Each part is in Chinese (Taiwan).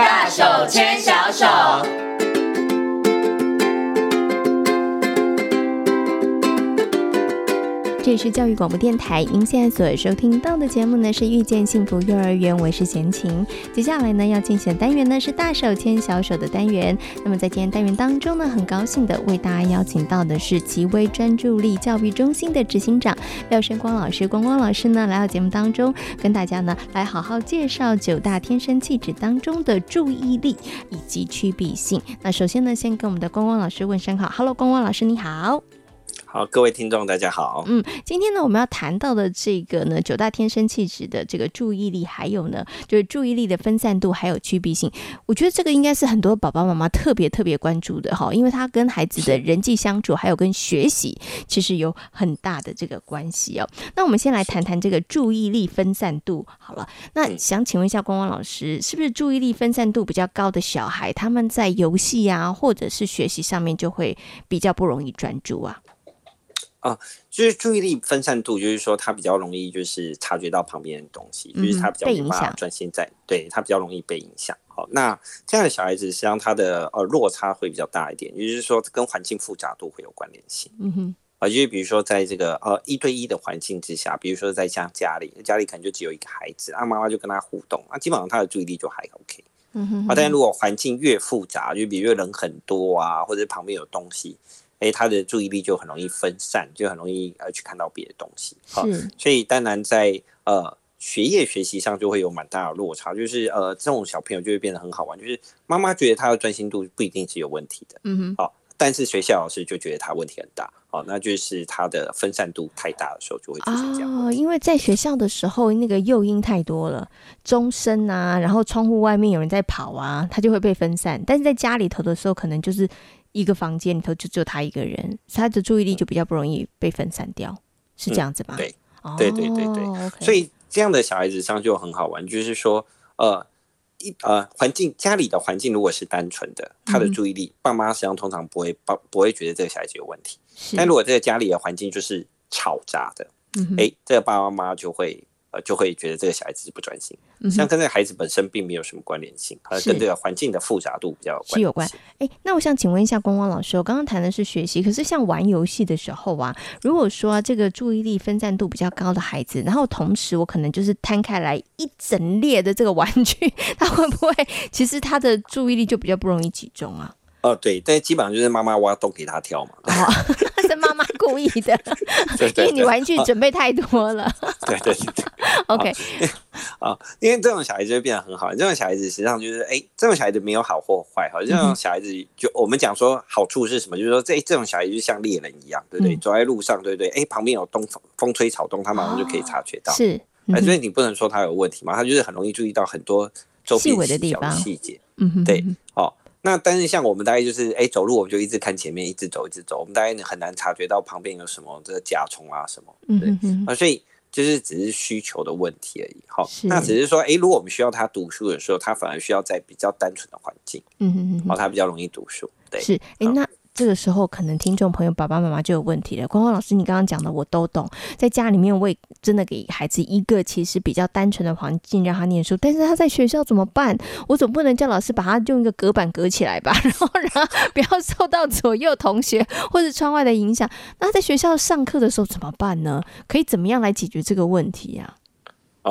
大手牽小手。這裡是教育廣播電臺，您現在所收聽到的節目呢是《遇見幸福幼兒園》，我是閒琴。接下來呢要進行的單元呢是“大手牽小手”的單元。那麼在今天單元當中呢，很高興的為大家邀請到的是奇威專注力教育中心的執行長廖笙光老師。光光老師呢來到節目當中，跟大家呢來好好介紹九大天生氣質當中的注意力以及趨避性。那首先呢，先跟我們的光光老師問聲好，Hello，光光老師，你好。好，各位聽眾，大家好。嗯，今天呢，我們要談到的這個呢，九大天生氣質的這個注意力，還有呢，就是注意力的分散度，還有趨避性。我覺得這個應該是很多爸爸媽媽特別特別關注的哈，因為他跟孩子的人際相處，還有跟學習，其實有很大的這個關係哦。那我們先來談談這個注意力分散度。好了，那想請問一下光光老師，是不是注意力分散度比較高的小孩，他們在遊戲啊，或者是學習上面就會比較不容易專注啊？哦、呃，就是注意力分散度，就是說他比較容易就是察覺到旁邊的東西，嗯、就是他比較沒辦法專心在，嗯、對他比較容易被影響。好、呃，那這樣的小孩子實際上他的呃落差會比較大一點，也就是說跟環境複雜度會有關聯性。嗯哼，啊、呃，就是比如說在這個呃一對一的環境之下，比如說在家家裡，家裡可能就只有一個孩子，那媽媽就跟他互動，那、啊、基本上他的注意力就還 OK。嗯哼、哼，啊、呃，但是如果環境越複雜，就比如說人很多啊，或者旁邊有東西。誒，他的注意力就很容易分散，就很容易呃去看到別的東西，好是、哦，所以當然在呃學業學習上就會有蠻大的落差，就是呃這種小朋友就會變得很好玩，就是媽媽覺得他的專心度不一定是有問題的，嗯哼，好、哦，但是學校老師就覺得他問題很大，好、哦，那就是他的分散度太大的時候就會出現這樣。哦，因為在學校的時候那個誘因太多了，鐘聲啊，然後窗戶外面有人在跑啊，他就會被分散，但是在家裡頭的時候可能就是。一個房間裡頭就只有他一個人，他的注意力就比較不容易被分散掉，是這樣子吧？對、嗯，對對對對，Oh, okay. 所以這樣的小孩子上就很好玩，就是說，呃，一呃環境家裡的環境如果是單純的，他的注意力，嗯、爸媽實際上通常不會不不會覺得這個小孩子有問題，是但如果這個家裡的環境就是吵雜的，哎、嗯哼欸，這個爸爸媽媽就會。呃，就會覺得這個小孩子是不專心，像跟這個孩子本身並沒有什麼關聯性，而、嗯、哼跟這個環境的複雜度比較有關。是有關誒。那我想請問一下光光老師，我剛剛談的是學習，可是像玩遊戲的時候啊，如果說、啊、這個注意力分散度比較高的孩子，然後同時我可能就是攤開來一整列的這個玩具，他會不會其實他的注意力就比較不容易集中啊？哦，對，但基本上就是媽媽挖洞給他跳嘛。哦、是媽媽故意的，所以 對你玩具準備太多了。哦、對對對 OK，因為這種小孩子就變得很好。這種小孩子實際上就是，哎、欸，這種小孩子沒有好或壞，好這種小孩子就、嗯、哼我們講說好處是什麼？就是說這、欸、這種小孩子就像獵人一樣，對不對？嗯、走在路上，對不對，對？哎、欸，旁邊有東風吹草動，他馬上就可以察覺到。哦、是，哎、嗯，所以你不能說他有問題嘛，他就是很容易注意到很多周圍的地方，細節。嗯哼，對，哦。那但是像我們大概就是哎、欸、走路我們就一直看前面，一直走一直走，我們大概很難察覺到旁邊有什麼這個甲蟲啊什麼，對、嗯哼哼啊、所以就是只是需求的問題而已，好，是那只是說哎、欸、如果我們需要他讀書的時候，他反而需要在比較單純的環境，嗯好，他比較容易讀書，對，是哎、欸、那。這個時候，可能聽眾朋友爸爸媽媽就有問題了。光光老師，你剛剛講的我都懂，在家裡面我也真的給孩子一個其實比較單純的環境讓他念書，但是他在學校怎麼辦？我總不能叫老師把他用一個隔板隔起來吧，然後讓他不要受到左右同學或者窗外的影響。那他在學校上課的時候怎麼辦呢？可以怎麼樣來解決這個問題呀、啊？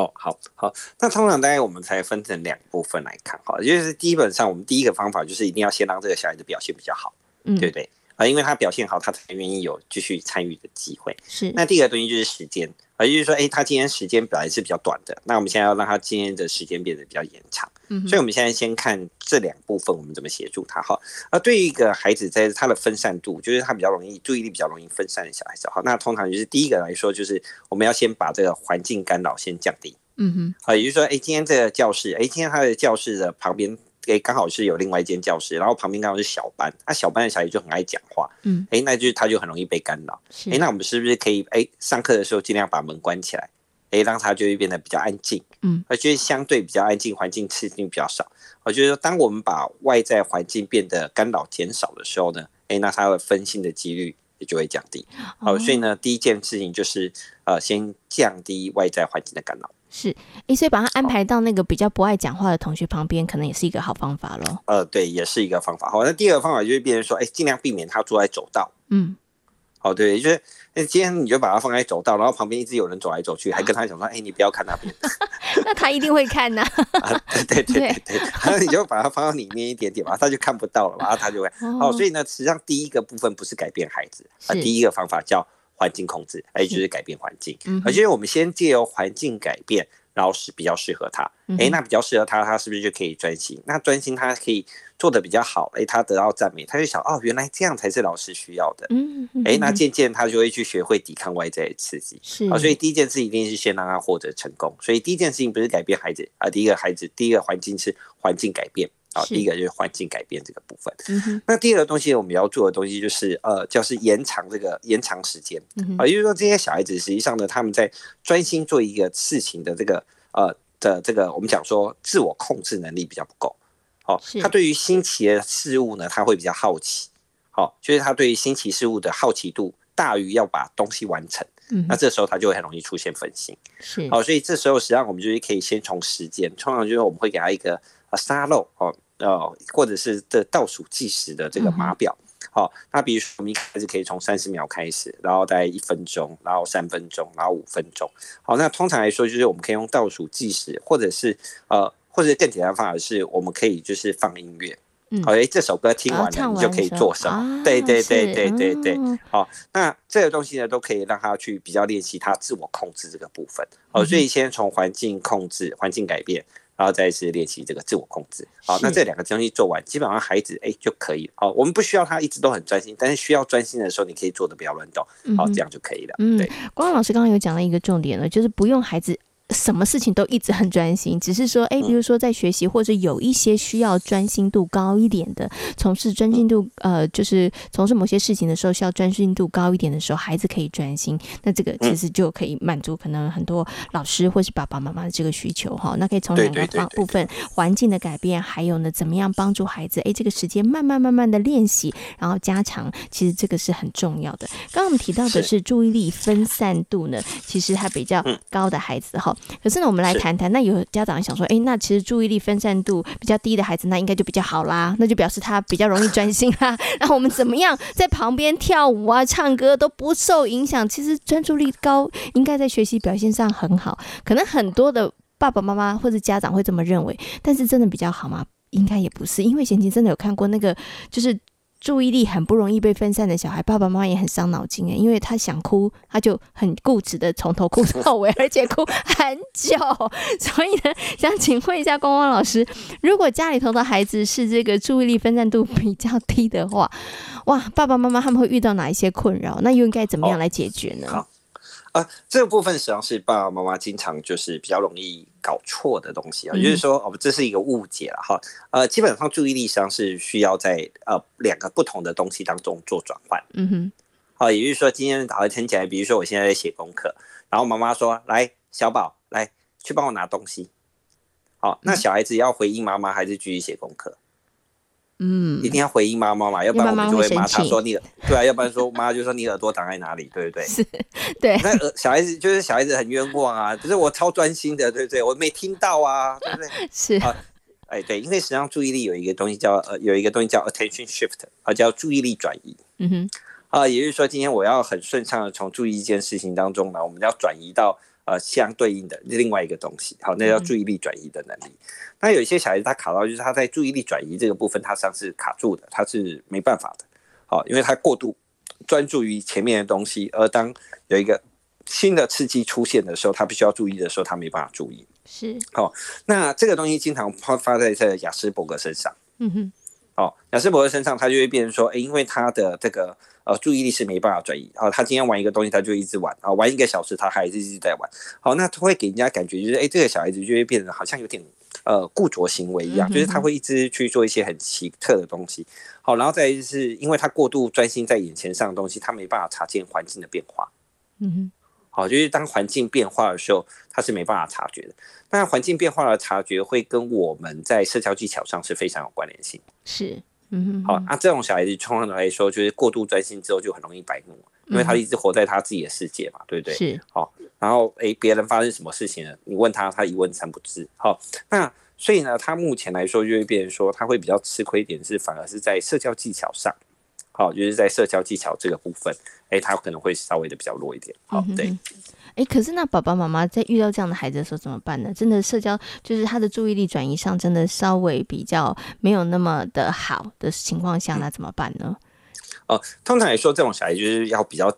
哦，好好，那通常大概我們才分成兩部分來看，哈，就是基本上我們第一個方法就是一定要先讓這個小孩子表現比較好。對不對啊、呃？因為他表現好，他才願意有繼續參與的機會。是。那第二個東西就是時間，呃、也就是說，哎，他今天時間本來是比較短的，那我們現在要讓他今天的時間變得比較延長。嗯哼。所以，我們現在先看這兩部分，我們怎麼協助他哈。啊，對於一個孩子，在他的分散度，就是他比較容易注意力比較容易分散的小孩子，好，那通常就是第一個來說，就是我們要先把這個環境干擾先降低。嗯哼。啊、呃，也就是說，哎，今天這個教室，哎，今天他的教室的旁邊。欸，剛好是有另外一間教室，然後旁邊剛好是小班，那小班的小孩就很愛講話，嗯，欸，那就是他就很容易被干擾。是，欸，那我們是不是可以，欸，上課的時候盡量把門關起來，欸，讓他就會變得比較安靜，嗯，而且相對比較安靜環境，刺激比較少。我覺得當我們把外在環境變得干擾減少的時候呢，欸，那他的分心的幾率也就會降低。好，所以呢，第一件事情就是，呃，先降低外在環境的干擾。是，哎，所以把他安排到那個比較不愛講話的同學旁邊，好可能也是一個好方法嘍。呃，對，也是一個方法。好，哦，那第二個方法就是，變成說，哎，盡量避免他坐在走道。嗯，哦，對，就是，那今天你就把他放在走道，然後旁邊一直有人走來走去，好還跟他講說，哎，你不要看那邊。那他一定會看吶！對對對對對，然後對 你就把他放到裡面一點點嘛，他就看不到了嘛，然後他就會。哦，哦，所以呢，實際上第一個部分不是改變孩子，是呃、第一個方法叫。環境控制，哎，就是改變環境，而且、嗯哼啊、我們先借由環境改變，然後是比較適合他、嗯哼哎，那比較適合他，他是不是就可以專心？那專心他可以做得比較好，哎、他得到讚美，他就想，哦，原來這樣才是老師需要的，嗯哼、哎，那漸漸他就會去學會抵抗外在的刺激，是啊，所以第一件事一定是先讓他獲得成功，所以第一件事情不是改變孩子啊，第一個孩子，第一個環境是環境改變。啊、哦，第一個就是環境改變這個部分。是那第二個東西，我們要做的東西就是，呃，就是延長這個延長時間。啊、嗯哼，也就是說，這些小孩子實際上呢，他們在專心做一個事情的這個，呃的這個，我們講說自我控制能力比較不夠。哦，是他對於新奇的事物呢，他會比較好奇。好、哦，就是他對於新奇事物的好奇度大於要把東西完成。嗯哼，那這時候他就會很容易出現分心。是，好、哦，所以這時候實際上我們就是可以先從時間，通常就是我們會給他一個。沙漏哦，呃，或者是這倒數計時的這個碼表，好、嗯哦，那比如說我們一開始可以從三十秒開始，然後大概一分鐘，然後三分鐘，然後五分鐘，好、哦，那通常來說就是我們可以用倒數計時，或者是呃，或者更簡單的方法是，我們可以就是放音樂，好、嗯，哎、欸，這首歌聽完了，你就可以做什麼？啊、對，對對對對對對，好、嗯哦，那這個東西呢都可以讓他去比較練習他自我控制這個部分，好、哦，所以先從環境控制，環境改變。嗯然後再次練習這個自我控制，好是、哦，那這兩個東西做完，基本上孩子哎、欸、就可以好、哦，我們不需要他一直都很專心，但是需要專心的時候，你可以做的不要亂動，好、嗯哦，這樣就可以了。嗯，對嗯，光光老師剛剛有講到一個重點呢，就是不用孩子。什麼事情都一直很專心，只是說，誒，比如說在學習、嗯、或者有一些需要專心度高一點的，從事專心度、嗯、呃，就是從事某些事情的時候需要專心度高一點的時候，孩子可以專心，那這個其實就可以滿足可能很多老師或是爸爸媽媽的這個需求哈。嗯、那可以從兩個方部分，對對對對，對環境的改變，還有呢，怎麼樣幫助孩子，誒，這個時間慢慢慢慢的練習，然後加長，其實這個是很重要的。剛剛我們提到的是注意力分散度呢，是其實還比較高的孩子哈。嗯可是呢，我們來談談。那有家長想說，哎、欸，那其實注意力分散度比較低的孩子，那應該就比較好啦，那就表示他比較容易專心啦。 那我們怎麼樣在旁邊跳舞啊、唱歌都不受影響？其實專注力高，應該在學習表現上很好。可能很多的爸爸媽媽或者家長會這麼認為，但是真的比較好嗎？應該也不是，因為賢期真的有看過那個，就是。注意力很不容易被分散的小孩，爸爸媽媽也很傷腦筋誒。因為他想哭，他就很固執的從頭哭到尾，而且哭很久。 所以呢，想請問一下光光老師，如果家裡頭的孩子是這個注意力分散度比較低的話，哇，爸爸媽媽他們會遇到哪一些困擾？那又應該怎麼樣來解決呢？Oh. 啊、呃，這個部分實際上是爸爸媽媽經常就是比較容易搞錯的東西啊，嗯、哼也就是說哦，這是一個誤解了哈。呃，基本上注意力實際上是需要在呃兩個不同的東西當中做轉換。嗯哼。好，也就是說，今天打個聽起來，比如說我現在在寫功課，然後媽媽說，來，小寶，來去幫我拿東西。好，那小孩子要回應媽媽還是繼續寫功課？嗯，一定要回應媽媽嘛，要不然我們就會罵他，說你，媽媽對啊，要不然說媽就說你耳朵擋在哪裡， 對不對，對？是，對。那小孩子就是小孩子很冤枉啊，就是我超專心的，對不對？我沒聽到啊，對不對？ 是啊、呃，哎，對，因為實際上注意力有一個東西叫呃，有一個東西叫 attention shift，啊，叫注意力轉移。嗯哼，啊、呃，也就是說今天我要很順暢的從注意一件事情當中呢，我們要轉移到。呃，相對應的另外一個東西，好、哦，那叫注意力轉移的能力。嗯、那有一些小孩子他卡到，就是他在注意力轉移這個部分，他像是卡住的，他是沒辦法的。好、哦，因為他過度專注於前面的東西，而當有一個新的刺激出現的時候，他必須要注意的時候，他沒辦法注意。是。好、哦，那這個東西經常發發在在亞斯伯格身上。嗯哼。好、哦，亞斯伯格身上，他就會變成說，誒，因為他的這個。呃，注意力是沒辦法轉移。哦、呃，他今天玩一個東西，他就一直玩。哦、呃，玩一個小時，他還是一直在玩。好、哦，那他會給人家感覺就是，哎、欸，這個小孩子就會變得好像有點，呃，固着行為一樣，就是他會一直去做一些很奇特的東西。好、嗯哼哦，然後再就是因為他過度專心在眼前上的東西，他沒辦法察見環境的變化。嗯哼。好、哦，就是當環境變化的時候，他是沒辦法察覺的。當然，環境變化的察覺會跟我們在社交技巧上是非常有關聯性。是。嗯嗯好，那、啊、這種小孩子通常來說，就是過度專心之後就很容易白目，因為他一直活在他自己的世界嘛，嗯、對不對？是，好、哦，然後誒，別人發生什麼事情了，你問他，他一問三不知。好、哦，那所以呢，他目前來說就會變成說，他會比較吃虧一點，是反而是在社交技巧上，好、哦，就是在社交技巧這個部分，哎，他可能會稍微的比較弱一點。好、哦，嗯、哼，對。欸，可是那爸爸媽媽在遇到這樣的孩子的時候怎麼辦呢？真的社交就是他的注意力轉移上真的稍微比較沒有那麼的好的情況下，那怎麼辦呢？哦，通常來說，這種小孩就是要比較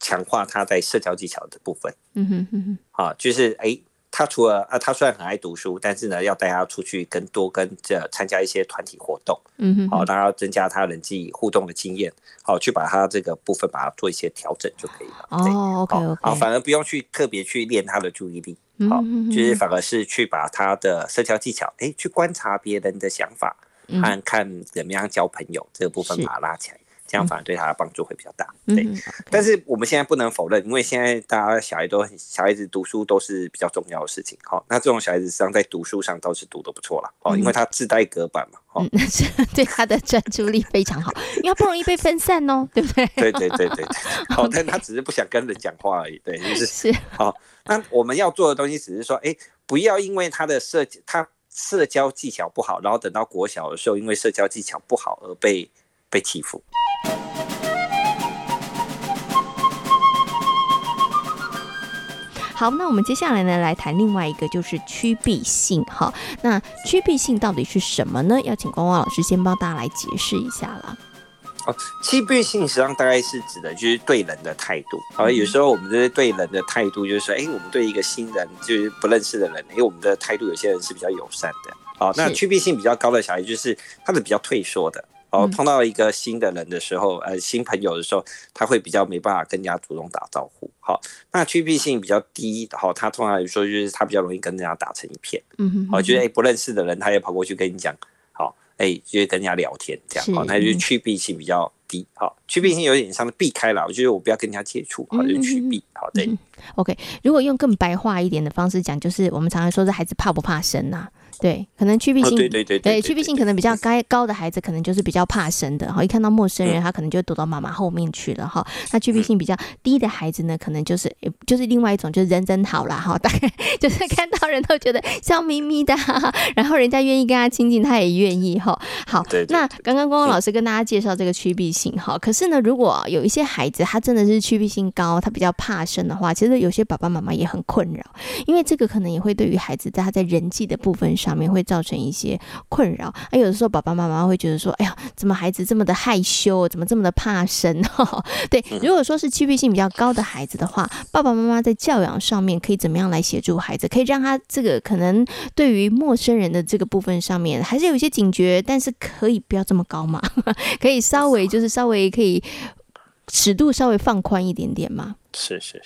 強化他在社交技巧的部分。嗯哼哼哼，啊，就是誒。欸他除了啊，他雖然很愛讀書，但是呢，要帶他出去跟多跟這參加一些團體活動，嗯哼、mm，好，當然後增加他人際互動的經驗，好，去把他這個部分把它做一些調整就可以了。哦、oh，OK OK，好，反而不用去特別去練他的注意力，好，mm hmm. 就是反而是去把他的社交技巧，哎，去觀察別人的想法，mm hmm. 看看怎麼樣交朋友這個部分把它拉起來。這樣反而對他的幫助會比較大，嗯、對。嗯、但是我們現在不能否認，嗯、因為現在大家小孩都小孩子讀書都是比較重要的事情。哦、那這種小孩子實際上在讀書上倒是讀得不錯了，哦，因為他自帶隔板嘛，嗯、哦、嗯，對他的專注力非常好，因為 不容易被分散哦，對不對？對對對對對，好、 哦，但他只是不想跟人講話而已，對，就是。是。好、哦，那我們要做的東西只是說，哎，不要因為他的社他社交技巧不好，然後等到國小的時候，因為社交技巧不好而被。被欺負。好，那我們接下來呢，來談另外一個，就是趨避性哈。那趨避性到底是什麼呢？要請光光老師先幫大家來解釋一下了。哦，趨避性實際上大概是指的就是對人的態度。而、嗯嗯哦、有時候我們對人的態度就是說，哎，我們對一個新人就是不認識的人，因為、哎、我們的態度有些人是比較友善的。哦，那趨避性比較高的小孩，就是他是比較退縮的。好、哦，碰到一個新的人的時候，呃，新朋友的時候，他會比較沒辦法跟人家主動打招呼。好、哦，那趨避性比較低，哈、哦，他通常來說就是他比較容易跟人家打成一片。嗯哼，嗯哼。好、哦，就是、欸、不認識的人，他也跑過去跟你講，好、哦，哎、欸，就跟跟人家聊天這樣。好是，他、哦、就趨避性比較低。好、哦，趨、嗯、避性有點像避開了，我覺得我不要跟人家接觸，然、哦、就趨避。嗯哼嗯哼好嘞。OK，如果用更白話一點的方式講，就是我們常常說這孩子怕不怕生吶、啊？對，可能趨避性、哦，對對對，對，對，趨避性可能比較高的孩子，可能就是比較怕生的哈，哦、一看到陌生人，他可能就躲到媽媽後面去了哈。嗯、那趨避性比較低的孩子呢，可能就是，就是另外一種，就是人真好啦哈，大概就是看到人都覺得笑眯眯的，然後人家願意跟他親近，他也願意哈。好，對對對，那剛剛光光老師跟大家介紹這個趨避性哈，嗯、可是呢，如果有一些孩子他真的是趨避性高，他比較怕生的話，其實有些爸爸媽媽也很困擾，因為這個可能也會對於孩子在他在人際的部分。上面會造成一些困擾，而有的時候爸爸媽媽會覺得說：“哎呀，怎麼孩子這麼的害羞，怎麼這麼的怕生？”呵呵對，如果說是趨避性比較高的孩子的話，爸爸媽媽在教養上面可以怎麼樣來協助孩子？可以讓他這個可能對於陌生人的這個部分上面還是有一些警覺，但是可以不要這麼高嘛呵呵，可以稍微就是稍微可以尺度稍微放寬一點點嘛。是是是，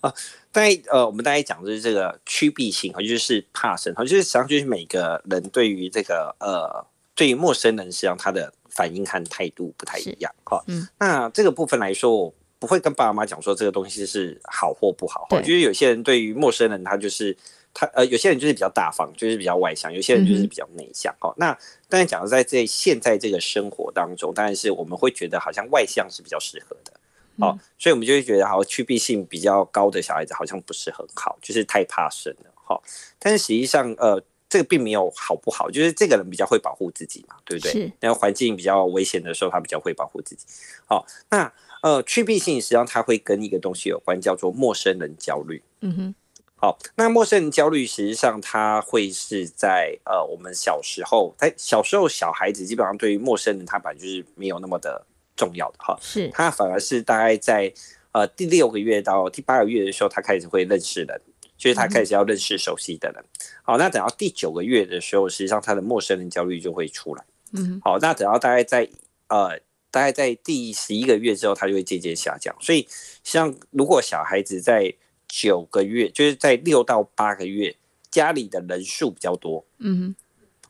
啊、呃，但呃，我們大家講就是這個趨避性，好就是怕生，好就是實際上就是每個人對於這個呃，對於陌生人，實際上他的反應和態度不太一樣，好，嗯、哦，那這個部分來說，我不會跟爸爸媽媽講說這個東西是好或不好，好對，就是有些人對於陌生人，他就是他呃，有些人就是比較大方，就是比較外向，有些人就是比較內向，好、嗯哦，那但是講在這現在這個生活當中，當然是我們會覺得好像外向是比較適合的。好、哦，所以我們就會覺得，好，趨避性比較高的小孩子好像不是很好，就是太怕生了，好、哦，但是實際上，呃，這個並沒有好不好，就是這個人比較會保護自己嘛，對不對？是。然後環境比較危險的時候，他比較會保護自己。好、哦，那呃，趨避性實際上他會跟一個東西有關，叫做陌生人焦慮。嗯哼。好、哦，那陌生人焦慮實際上他會是在呃，我們小時候，在小時候小孩子基本上對於陌生人，他本來就是沒有那麼的。重要的哈是，他反而是大概在呃第六個月到第八個月的時候，他開始會認識人，嗯、哼就是他開始要認識熟悉的人。好、哦，那等到第九個月的時候，實際上他的陌生人焦慮就會出來。嗯哼，好、哦，那等到大概在呃大概在第十一個月之後，他就會漸漸下降。所以，像如果小孩子在九個月，就是在六到八個月，家裡的人數比較多。嗯。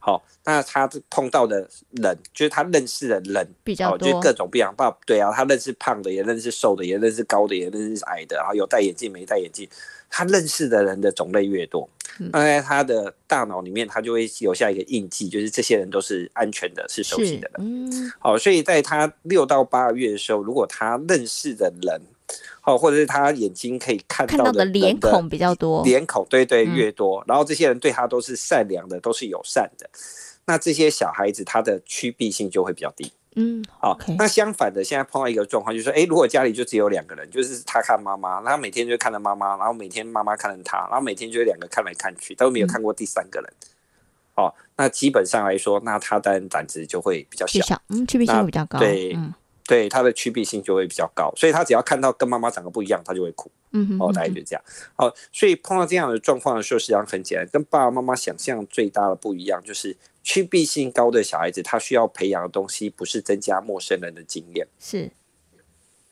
好、哦，那他碰到的人，就是他認識的人比較多，哦、就是、各種不一樣。啊，對啊，他認識胖的，也認識瘦的，也認識高的，也認識矮的，然後有戴眼鏡、沒戴眼鏡。他認識的人的種類越多，那、嗯、在他的大腦裡面，他就會留下一個印記，就是這些人都是安全的，是熟悉的人。好、嗯哦，所以在他六到八個月的時候，如果他認識的人，哦，或者是他眼睛可以看到的，臉孔比較多臉，臉孔對對、嗯、越多，然後這些人對他都是善良的，都是友善的，那這些小孩子他的趨避性就會比較低。嗯，okay、哦，那相反的，現在碰到一個狀況，就是說，哎，如果家裡就只有兩個人，就是他看媽媽，然後每天就看着媽媽，然後每天媽媽看着他，然後每天就兩個看來看去，都沒有看過第三個人。嗯、哦，那基本上來說，那他的膽子就會比較小，小。嗯，趨避性會比較高，對，嗯。對他的趨避性就會比較高，所以他只要看到跟媽媽長得不一樣，他就會哭。嗯，哼嗯哼，哦，大概就這樣。好、呃、所以碰到這樣的狀況的時候，實際上很簡單，跟爸爸媽媽想象最大的不一樣，就是趨避性高的小孩子，他需要培養的東西不是增加陌生人的經驗。是，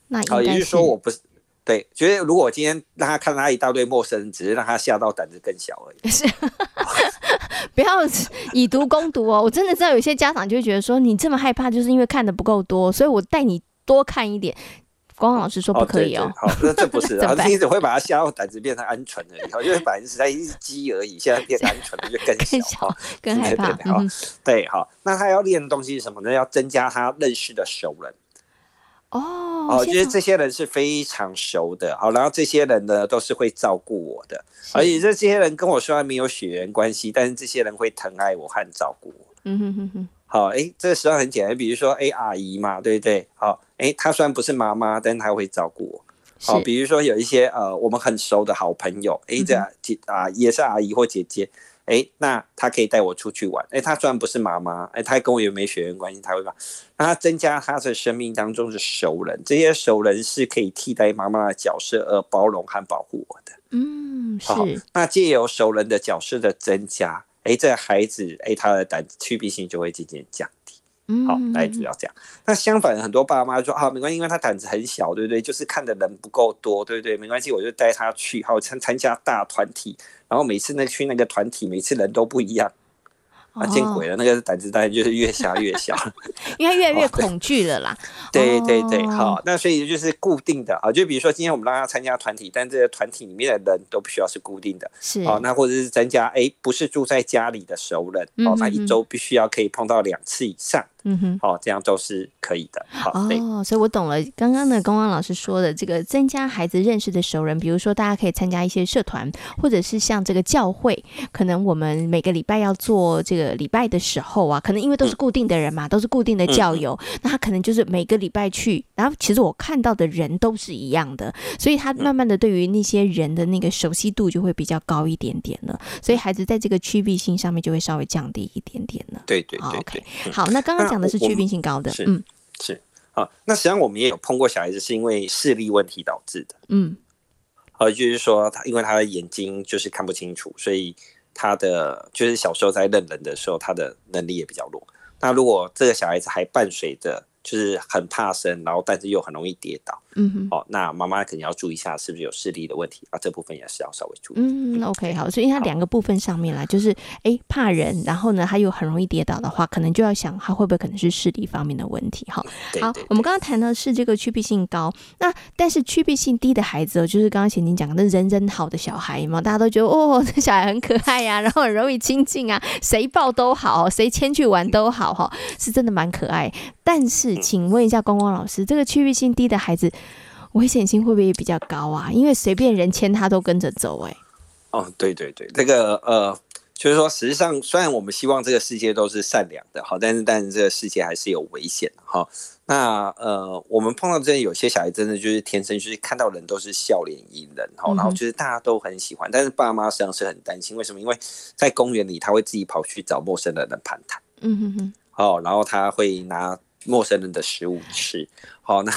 那好、呃，也是說我不是對，覺得如果今天讓他看到他一大堆陌生人，只是讓他嚇到膽子更小而已。是。 不要以毒攻毒哦！我真的知道有些家長就會覺得說，你這麼害怕，就是因為看的不夠多，所以我帶你多看一點。光老師說不可以哦，哦對對好，那這不是啊，這 你，只會把他嚇到膽子變成鵪鶉了。 因為本來是在一隻雞而已，現在變鵪鶉了，就 更小、更害怕。好，嗯、哼對，好，那他要練的東西是什麼呢？要增加他認識的熟人。哦。哦，就是這些人是非常熟的，好、哦，然後這些人呢都是會照顧我的，是而且這這些人跟我雖然沒有血緣關係，但是這些人會疼愛我和照顧我。嗯哼哼哼，好、哦，哎、欸，這個時候很簡單，比如說，哎、欸，阿姨嘛，對不對？好、哦，哎、欸，她雖然不是媽媽，但是她會照顧我。好是、哦，比如說有一些呃，我們很熟的好朋友，哎、欸，這姐啊，也是阿姨或姐姐。哎，那他可以帶我出去玩。哎，他雖然不是媽媽，哎，他跟我也沒血緣關係，他會把，那他增加他的生命當中的熟人，這些熟人是可以替代媽媽的角色而包容和保護我的。嗯，是。那借由熟人的角色的增加，哎，這孩子，哎，他的膽趨避性就會漸漸降。嗯嗯好，大家主要這樣。那相反，很多爸媽說啊，沒關係，因為他膽子很小，對不對，對？就是看的人不夠多，對不對，對，沒關係，我就帶他去，好，參參加大團體。然後每次那去那個團體，每次人都不一樣。啊，見鬼了，哦、那個膽子當然就是越小越小，哦、因為他越來越恐懼了啦，哦對。對對對，好，那所以就是固定的啊，就比如說今天我們讓他參加團體，但這個團體裡面的人都不需要是固定的，是啊，那或者是增加哎，欸，不是住在家裡的熟人，嗯嗯嗯哦，他一周必須要可以碰到兩次以上。嗯哼，哦，這樣都是可以的。好，哦，對所以我懂了。剛剛的笙光老師說的這個，增加孩子認識的熟人，比如說大家可以參加一些社團，或者是像這個教會，可能我們每個禮拜要做這個禮拜的時候啊，可能因為都是固定的人嘛，嗯、都是固定的教友，嗯、那他可能就是每個禮拜去，然後其實我看到的人都是一樣的，所以他慢慢的對於那些人的那個熟悉度就會比較高一點點了，嗯、所以孩子在這個趨避性上面就會稍微降低一點點了。對，對對對，哦 okay、好，那剛剛、嗯。講的是趨避性高的，嗯，是啊，那實際上我們也有碰過小孩子是因為視力問題導致的，嗯，呃，就是說他因為他的眼睛就是看不清楚，所以他的就是小時候在認人的時候，他的能力也比較弱。那如果這個小孩子還伴隨着，就是很怕生，然後但是又很容易跌倒，嗯哼，哦，那媽媽肯定要注意一下是不是有視力的問題啊，這部分也是要稍微注意。嗯，那，OK，好，所以它兩個部分上面啦，好就是哎、欸、怕人，然後呢他又很容易跌倒的話，可能就要想他會不會可能是視力方面的問題，哈、哦。嗯、對好，我們剛剛談的是這個趨避性高，那但是趨避性低的孩子哦，就是剛剛前面講的，人人好的小孩嘛，大家都覺得哦，這小孩很可愛呀、啊，然後很容易親近啊，誰抱都好，誰牽去玩都好，哈、嗯，是真的蠻可愛，但是。請問一下，光光老師，這個趨避性低的孩子危險性會不會也比較高啊？因為隨便人牽他都跟着走，欸，哎。哦，對對對，這個呃，就是說，實際上雖然我們希望這個世界都是善良的，好，但是但是這個世界還是有危險哈，哦。那呃，我們碰到這些有些小孩，真的就是天生就是看到人都是笑臉迎人，然後，嗯、哼然後就是大家都很喜歡，但是爸媽實際上是很擔心，為什麼？因為在公園裡他會自己跑去找陌生的人的攀談，嗯哼哼，哦，然後他會拿。陌生人的食物吃，好、哦，那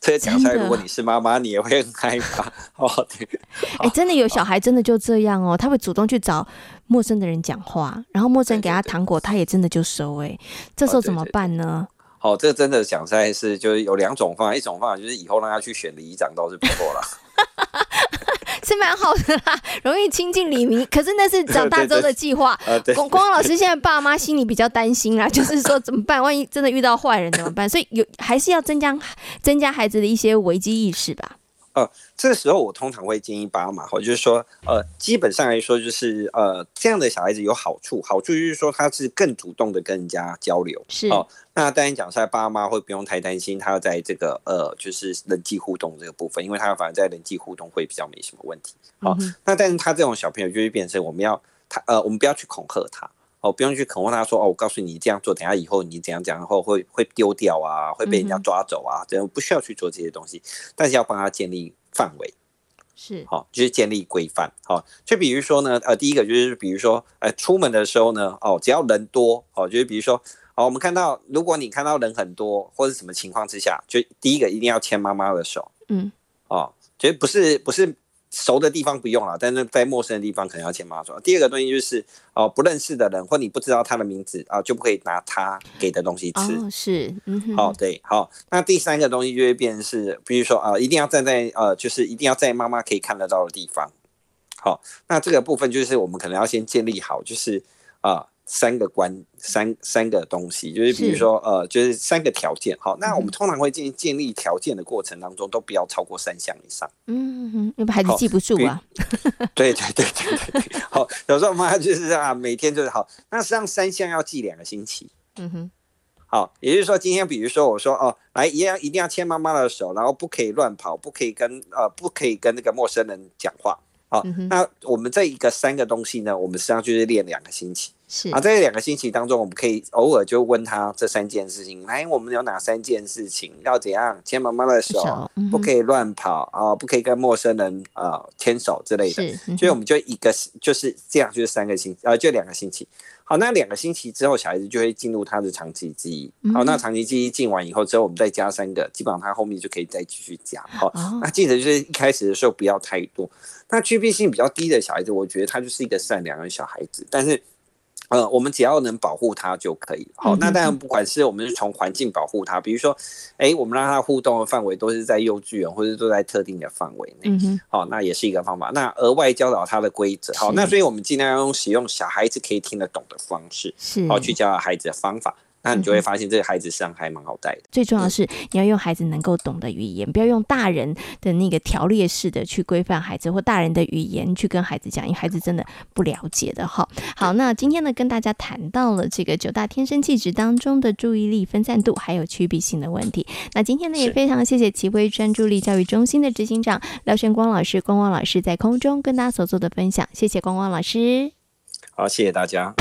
這些講出來，如果你是媽媽，的你也會很害怕哦。哎、欸，真的有小孩真的就這樣哦，哦他會主動去找陌生的人講話，然後陌生人給他糖果，哎、對對對，他也真的就收、欸。哎，這時候怎麼辦呢？好、哦哦，這真的講出來是就是有兩種方法，一種方法就是以後讓他去選的里長倒是不錯了。 是蠻好的啦，容易親近李明。可是那是長大之後的計劃。光 對光老師現在爸媽心裡比較擔心啦， 就是說怎麼辦？萬一真的遇到壞人怎麼辦？所以有還是要增加增加孩子的一些危機意識吧。呃，這個時候我通常會建議爸媽，或就是說，呃，基本上來說就是，呃，這樣的小孩子有好處，好處就是說他是更主動的跟人家交流。是哦、呃，那當然講出來，爸媽會不用太擔心他要在這個，呃，就是人際互動這個部分，因為他反而在人際互動會比較沒什麼問題。好、呃嗯哼。呃，那但是他這種小朋友就會變成我們要他，呃，我們不要去恐嚇他。哦，不用去恐嚇。他說哦，我告訴你這樣做，等下以後你怎樣講，然後會會丟掉啊，會被人家抓走啊，嗯、哼這樣不需要去做這些東西，但是要幫他建立範圍，是好、哦，就是建立規範，好、哦，就比如說呢，呃，第一個就是比如說，呃，出門的時候呢，哦，只要人多，哦，就是比如說，哦，我們看到，如果你看到人很多或者什麼情況之下，就第一個一定要牽媽媽的手，嗯，哦，就不是不是。熟的地方不用了，但是在陌生的地方可能要牽媽媽手。第二個東西就是哦、呃，不認識的人或你不知道他的名字啊、呃，就不可以拿他給的東西吃。Oh, 是，mm hmm. 哦，對，好、哦。那第三個東西就會變成是，比如說啊、呃，一定要站在呃，就是一定要在媽媽可以看得到的地方。好、哦，那這個部分就是我們可能要先建立好，就是啊。呃三個關三三個東西，就是比如說是呃，就是三個條件。好，那我們通常會建建立條件的過程當中，嗯、哼都不要超過三項以上。嗯哼，因為孩子記不住啊？對對對對對。好， 有時候媽媽就是這、啊、樣，每天就是好。那實際上三項要記兩個星期。嗯哼，好，也就是說今天比如說我說哦、喔，來，一樣一定要牽媽媽的手，然後不可以亂跑，不可以跟呃不可以跟那個陌生人講話。好、嗯哼，那我們這一個三個東西呢，我們實際上就是練兩個星期。是啊，在兩個星期當中，我們可以偶爾就問他這三件事情。哎，我們有哪三件事情要怎樣？牽媽媽的手，不可以亂跑啊、呃，不可以跟陌生人啊牽、呃、手之類的。嗯、所以我們就一個就是這樣，就是三個星啊、呃，就兩個星期。好，那兩個星期之後，小孩子就會進入他的長期記憶。好，那長期記憶進完以後，之後我們再加三個，基本上他後面就可以再繼續加。好，哦、那進程就是一開始的時候不要太多。那趨避性比較低的小孩子，我覺得他就是一個善良的小孩子，但是。呃、嗯，我們只要能保護它就可以。好、嗯哼哦，那當然，不管是我們是從環境保護它，比如說，哎、欸，我們讓它互動的範圍都是在幼稚園，或者都在特定的範圍內。嗯好哼、哦，那也是一個方法。那額外教導他的規則。好是、哦，那所以我們盡量要用使用小孩子可以聽得懂的方式，好是、哦、去教導孩子的方法。那你就會發現這個孩子上還蠻好帶的。嗯、最重要的是，你要用孩子能夠懂的語言，對不要用大人的那個條列式的去規範孩子，或大人的語言去跟孩子講，因為孩子真的不了解的哈。好，對那今天呢，跟大家談到了這個九大天生氣質當中的注意力分散度還有趨避性的問題。那今天呢，是也非常謝謝奇威專注力教育中心的執行長廖笙光老師，光光老師在空中跟大家所做的分享，謝謝光光老師。好，謝謝大家。